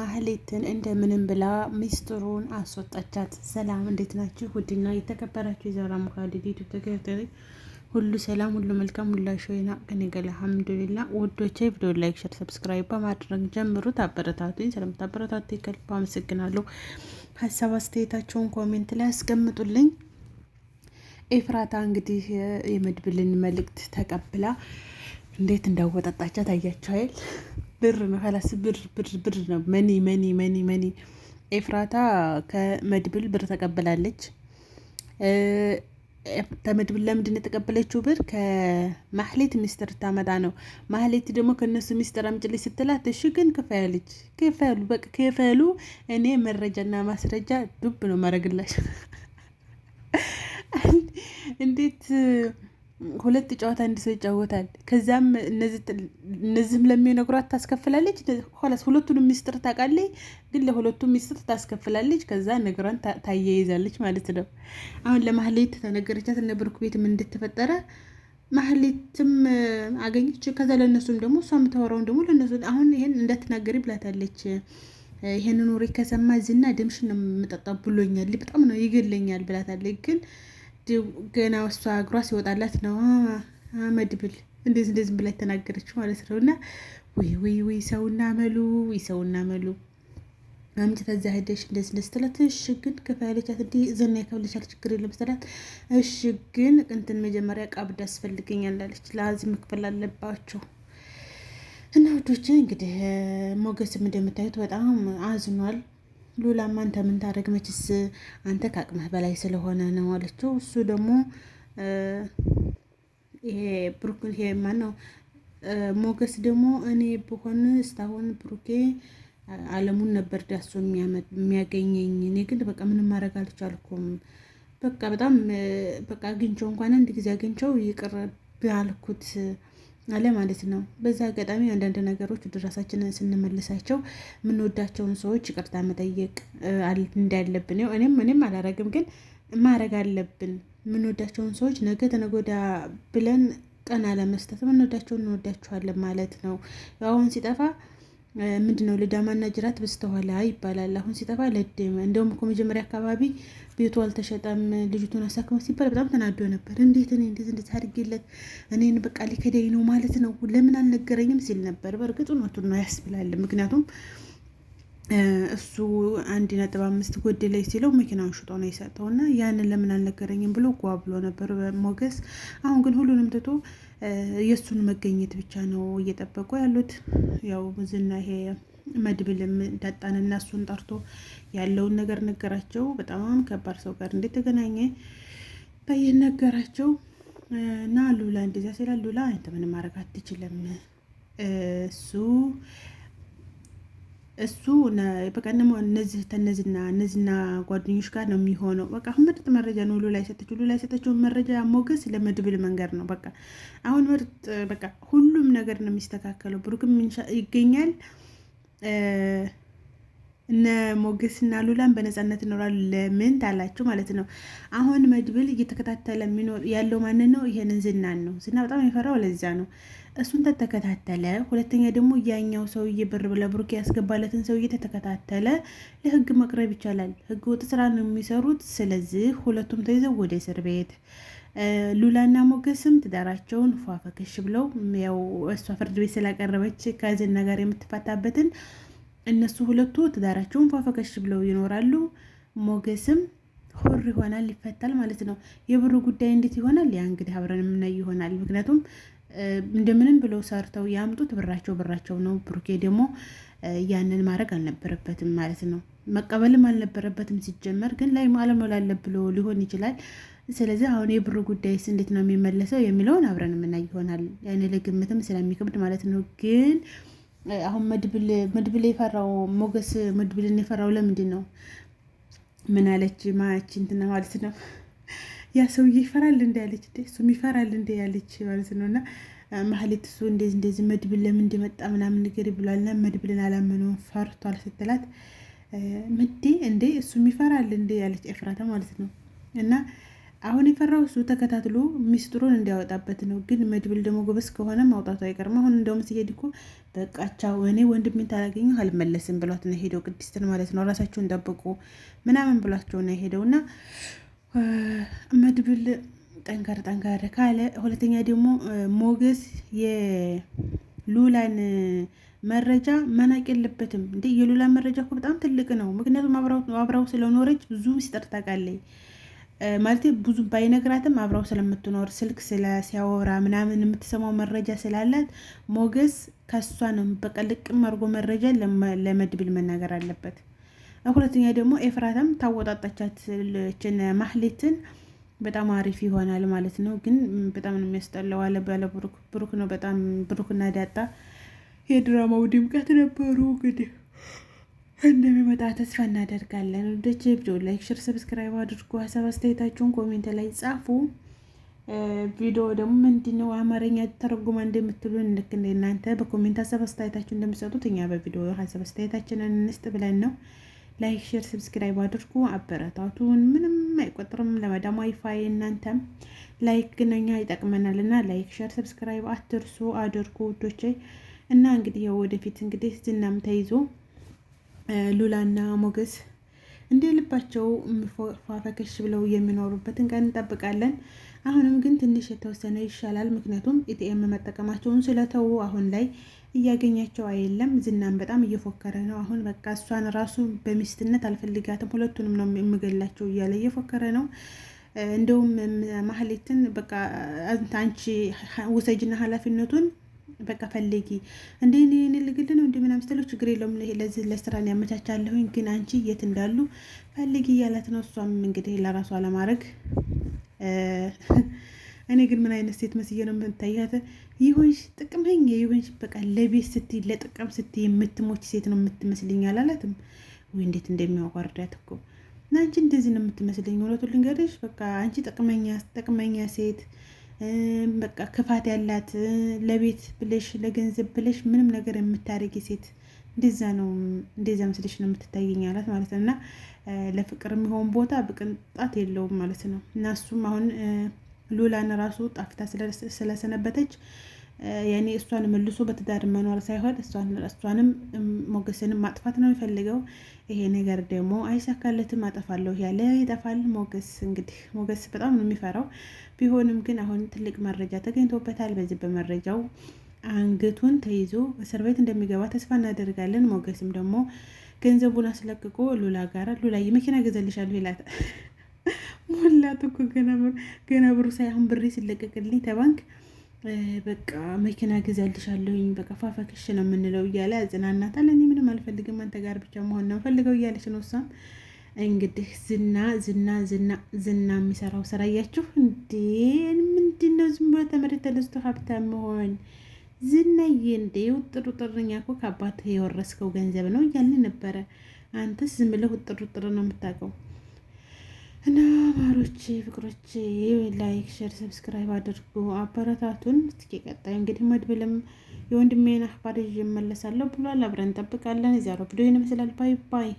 ማህሌትን እንደምንም ብላ ሚስጥሩን አስወጣቻት። ሰላም እንዴት ናችሁ? ውድና የተከበራችሁ የዛራ ሙካድ ዩቱብ ተከታታዮች ሁሉ ሰላም፣ ሁሉ መልካም፣ ሁላሽ ወይና ቅን ገለ አልሐምዱሊላ። ውዶቼ ቪዲዮ ላይክ፣ ሸር፣ ሰብስክራይብ በማድረግ ጀምሩት። አበረታቱኝ። ስለምታበረታቱ ከልብ አመሰግናለሁ። ሀሳብ አስተያየታቸውን ኮሜንት ላይ አስቀምጡልኝ። ኤፍራታ እንግዲህ የመድብልን መልእክት ተቀብላ እንዴት እንዳወጣጣቻት ታያቸዋል። ብር ነው ላስ ብር ብር ብር ነው። መኒ መኒ መኒ መኒ ኤፍራታ ከመድብል ብር ተቀብላለች። ከመድብል ለምንድን የተቀበለችው ብር? ከማህሌት ሚስጥር ታመጣ ነው። ማህሌት ደግሞ ከእነሱ ሚስጥር አምጪልኝ ስትላት እሺ ግን ክፈያለች። ክፈሉ በቃ ክፈሉ፣ እኔ መረጃና ማስረጃ ዱብ ነው ማረግላቸው እንዴት ሁለት ጨዋታ አንድ ሰው ይጫወታል። ከዚያም እነዚህም ለሚነግሯት ታስከፍላለች። ኋላስ ሁለቱንም ሚስጥር ታውቃለች፣ ግን ለሁለቱም ሚስጥር ታስከፍላለች። ከዛ ነገሯን ታያይዛለች ማለት ነው። አሁን ለማህሌት ተነገረቻት እነ ቤትም እንድትፈጠረ ማህሌትም አገኘች። ከዛ ለእነሱም ደግሞ እሷ የምታወራውን ደግሞ ለእነሱ አሁን ይሄን እንዳትናገሪ ብላታለች። ይሄንን ወሬ ከሰማ ዝና ደምሽን ነው የምጠጣ ብሎኛል፣ በጣም ነው ይገለኛል ብላታለች ግን ገና እሷ እግሯ ሲወጣላት ነው መድብል እንደዚህ እንደዚህ ብላ የተናገረችው ማለት ነው። እና ወይ ወይ ወይ ሰውና መሉ ወይ ሰውና መሉ አምጭ ተዛ ሄደሽ እንደዚህ እንደዚህ ስትላት እሺ ግን ከፋ ያለቻት እንዲ ዘና ይከብልሻል ችግር የለም ስትላት እሽ ግን ቅንትን መጀመሪያ ቀብድ ያስፈልገኛል አለች። ለዚህ መክፈል አለባቸው እና ውዶች እንግዲህ ሞገስም እንደምታዩት በጣም አዝኗል። ሉላማ አንተ ምን ታደርግ መችስ አንተ ከአቅመህ በላይ ስለሆነ ነው አለችው። እሱ ደግሞ ይሄ ብሩክ ይሄ ነው ሞገስ ደግሞ እኔ ብሆን እስታሁን ብሩኬ አለሙን ነበር ዳሶ የሚያገኘኝ እኔ ግን በቃ ምንም ማድረግ አልቻልኩም። በቃ በጣም በቃ አግኝቸው እንኳን አንድ ጊዜ አግኝቸው ይቅር ቢያልኩት አለ ማለት ነው። በዛ አጋጣሚ አንዳንድ ነገሮች ወደ ራሳችንን ስንመልሳቸው የምንወዳቸውን ሰዎች ይቅርታ መጠየቅ እንዳለብን ው እኔም እኔም አላረግም፣ ግን ማድረግ አለብን። የምንወዳቸውን ሰዎች ነገ ተነጎዳ ብለን ቀና ለመስጠት የምንወዳቸውን እንወዳቸዋለን ማለት ነው። አሁን ሲጠፋ ምንድነው ልዳ ጅራት በስተኋላ ይባላል። አሁን ሲጠፋ ለድ እንደውም እኮ መጀመሪያ አካባቢ ቤቱ አልተሸጠም ልጅቱን አሳክመ ሲባል በጣም ተናዶ ነበር። እንዴት እኔ እንዴት እንደዚህ አድርጌለት እኔን በቃ ሊከዳኝ ነው ማለት ነው ለምን አልነገረኝም ሲል ነበር። በእርግጥ እውነቱን ነው ያስብላል። ምክንያቱም እሱ አንድ ነጥብ አምስት ጎድ ላይ ሲለው መኪናውን ሽጦ ነው የሰጠው እና ያንን ለምን አልነገረኝም ብሎ ጓ ብሎ ነበር ሞገስ። አሁን ግን ሁሉንም ትቶ የእሱን መገኘት ብቻ ነው እየጠበቁ ያሉት። ያው ዝና ይሄ መድብልም ዳጣንና እሱን ጠርቶ ያለውን ነገር ነገራቸው። በጣም ከባድ ሰው ጋር እንደተገናኘ ተገናኘ በይህ ነገራቸው እና ሉላ እንደዚያ ሲላ ሉላ አንተ ምንም ማድረግ አትችልም እሱ እሱ በቀንም እነዚህ ተነዚና እነዚህና ጓደኞች ጋር ነው የሚሆነው። በቃ ምርጥ መረጃ ነው ሉ ላይ ሰጠችው። ሉ ላይ ሰጠችው መረጃ ሞገስ ለመድብል መንገድ ነው። በቃ አሁን ምርጥ በቃ ሁሉም ነገር ነው የሚስተካከለው። ብሩክም ይገኛል። እነ ሞገስ እና ሉላን በነፃነት ይኖራሉ። ለምን ታላችሁ ማለት ነው። አሁን መድብል እየተከታተለ የሚኖር ያለው ማንን ነው? ይሄንን ዝናን ነው። ዝና በጣም የፈራው ለዛ ነው። እሱን ተተከታተለ። ሁለተኛ ደግሞ ያኛው ሰውዬ ብር ለብሩክ ያስገባለትን ሰውዬ ተተከታተለ። ለህግ መቅረብ ይቻላል። ህግ ወጥ ስራ ነው የሚሰሩት። ስለዚህ ሁለቱም ተይዘው ወደ እስር ቤት ሉላና ሞገስም ትዳራቸውን ፏፈክሽ ብለው ያው እሷ ፍርድ ቤት ስላቀረበች ከዝና ጋር የምትፋታበትን እነሱ ሁለቱ ትዳራቸውን ፏፈከሽ ብለው ይኖራሉ። ሞገስም ሆር ይሆናል፣ ይፈታል ማለት ነው። የብሩ ጉዳይ እንዴት ይሆናል? ያ እንግዲህ አብረን የምናይ ይሆናል። ምክንያቱም እንደምንም ብለው ሰርተው ያምጡት፣ ብራቸው ብራቸው ነው። ብሩኬ ደግሞ ያንን ማድረግ አልነበረበትም ማለት ነው። መቀበልም አልነበረበትም ሲጀመር። ግን ላይ አለመላለ ብሎ ሊሆን ይችላል። ስለዚህ አሁን የብሩ ጉዳይስ እንዴት ነው የሚመለሰው የሚለውን አብረን የምናይ ይሆናል። ያኔ ለግምትም ስለሚከብድ ማለት ነው ግን አሁን መድብል መድብል የፈራው ሞገስ መድብልን የፈራው ለምንድን ነው? ምን አለች ማች እንትና ማለት ነው ያ ሰውዬ ይፈራል እንደ ያለች እ እሱም ይፈራል እንደ ያለች ማለት ነው። እና ማህሌት እሱ እንደዚህ እንደዚህ መድብል ለምን እንደመጣ ምናምን ነገር ብሏልና መድብልን አላመነውም ፈርቷል ስትላት ምዴ እንዴ እሱም ይፈራል እንደ ያለች ኤፍራታ ማለት ነው እና አሁን የፈራው እሱ ተከታትሎ ሚስጥሩን እንዲያወጣበት ነው። ግን መድብል ደግሞ ጎበዝ ከሆነ ማውጣቱ አይቀርም። አሁን እንደውም ሲሄድ እኮ በቃቻው እኔ ወንድሜን ታላገኘሁ አልመለስም ብሏት ነው ሄደው ቅድስትን ማለት ነው። ራሳቸውን ጠብቁ ምናምን ብሏቸው ነው ሄደው እና መድብል ጠንከር ጠንከር ካለ ሁለተኛ ደግሞ ሞገስ የሉላን መረጃ መናቅ የለበትም እንዴ። የሉላን መረጃ እኮ በጣም ትልቅ ነው። ምክንያቱም አብራው ስለኖረች ብዙ ሚስጥር ታውቃለች። ማለት ብዙ ባይነግራትም አብረው ስለምትኖር ስልክ ስለ ሲያወራ ምናምን የምትሰማው መረጃ ስላላት ሞገስ ከሷ ነው በቀልቅ መርጎ መረጃ ለመድብል መናገር አለበት። ሁለተኛ ደግሞ ኤፍራታም ታወጣጣቻችን ማህሌትን በጣም አሪፍ ይሆናል ማለት ነው። ግን በጣም ነው የሚያስጠላው አለ ባለ ብሩክ ብሩክ ነው በጣም ብሩክና ዳጣ የድራማው ድምቀት ነበሩ እንግዲህ እንደሚመጣ ተስፋ እናደርጋለን። ወደች ቪዲዮ ላይክ፣ ሽር፣ ሰብስክራይብ አድርጉ። ሀሳብ አስተያየታችሁን ኮሜንት ላይ ጻፉ። ቪዲዮ ደግሞ ምንድነው አማርኛ ተረጉማ እንደምትሉ ልክ እንደ እናንተ በኮሜንት ሀሳብ አስተያየታችሁ እንደምትሰጡት እኛ በቪዲዮ ሀሳብ አስተያየታችንን እንስጥ ብለን ነው። ላይክ፣ ሽር፣ ሰብስክራይብ አድርጉ። አበረታቱን። ምንም አይቆጥርም። ለመዳም ዋይፋይ እናንተም ላይክ ግነኛ ይጠቅመናል እና ላይክ፣ ሼር፣ ሰብስክራይብ አትርሱ አድርጉ ውዶቼ። እና እንግዲህ ወደፊት እንግዲህ ዝናም ተይዞ ሉላና ሞገስ እንደ ልባቸው ፏፈከሽ ብለው የሚኖሩበትን ቀን እንጠብቃለን። አሁንም ግን ትንሽ የተወሰነ ይሻላል። ምክንያቱም ኢቲኤም መጠቀማቸውን ስለተዉ አሁን ላይ እያገኛቸው አየለም ዝናን በጣም እየፎከረ ነው። አሁን በቃ እሷን ራሱ በሚስትነት አልፈልጋትም፣ ሁለቱንም ነው የምገላቸው እያለ እየፎከረ ነው። እንደውም ማህሌትን በቃ አንቺ ውሰጅና ኃላፊነቱን በቃ ፈልጊ እንዴ እኔ ልግል ነው እንዲህ ምናምን ስትለው ችግር የለውም ለዚህ ለስራን ያመቻቻለሁኝ ግን አንቺ የት እንዳሉ ፈልጊ እያለት ነው። እሷም እንግዲህ ለራሷ ለማድረግ እኔ ግን ምን አይነት ሴት መስዬ ነው የምታያት? ይሆንሽ ጥቅመኝ ይሆንሽ በቃ ለቤት ስት ለጥቅም ስት የምትሞች ሴት ነው የምትመስልኝ አላላትም ወይ? እንዴት እንደሚያዋርዳት እኮ እና አንቺ እንደዚህ ነው የምትመስልኝ። እውነቱን ልንገርሽ በቃ አንቺ ጥቅመኛ ጥቅመኛ ሴት በቃ ክፋት ያላት ለቤት ብለሽ ለገንዘብ ብለሽ ምንም ነገር የምታደርጊ ሴት እንደዛ ነው እንደዛ ምስልሽ ነው የምትታየኝ አላት ማለት ነው። እና ለፍቅር የሚሆን ቦታ ብቅንጣት የለውም ማለት ነው። እና እሱም አሁን ሉላን ራሱ ጣፍታ ስለሰነበተች የኔ እሷን መልሶ በትዳር መኖር ሳይሆን እሷንም ሞገስንም ማጥፋት ነው የሚፈልገው። ይሄ ነገር ደግሞ አይሳካለትም። አጠፋለሁ ያለ ይጠፋል። ሞገስ እንግዲህ ሞገስ በጣም ነው የሚፈራው። ቢሆንም ግን አሁን ትልቅ መረጃ ተገኝቶበታል። በዚህ በመረጃው አንገቱን ተይዞ እስር ቤት እንደሚገባ ተስፋ እናደርጋለን። ሞገስም ደግሞ ገንዘቡን አስለቅቆ ሉላ ጋራ ሉላ የመኪና ገዛልሻለሁ ይላታል። ሞላት እኮ ገና ብሩ ሳይሆን ብሬ ሲለቀቅልኝ ተባንክ በቃ መኪና ገዛልሻለሁኝ በቃ ፋፋክሽ ነው የምንለው እያለ ያጽናናታል። እኔ ምንም አልፈልግም አንተ ጋር ብቻ መሆን ነው ፈልገው እያለች ነው እሷም እንግዲህ ዝና ዝና ዝና ዝና የሚሰራው ስራ እያችሁ እንዴ ምንድን ነው? ዝም ብሎ ተመሬት ተነስቶ ሀብታም መሆን ዝናዬ፣ እንዴ ውጥሩ ጥርኛ እኮ ከአባትህ የወረስከው ገንዘብ ነው እያለ ነበረ። አንተስ ዝም ብለህ ውጥሩ ጥር ነው የምታውቀው እና ማሮች ፍቅሮች ላይክ፣ ሸር፣ ሰብስክራይብ አድርጉ አበረታቱን። እስኪ ቀጣይ እንግዲህ መድብልም የወንድሜን አህባር ይዤ እመለሳለሁ ብሏል። አብረን እንጠብቃለን። እዚያ ሮ ቪዲዮ ይመስላል። ባይ ባይ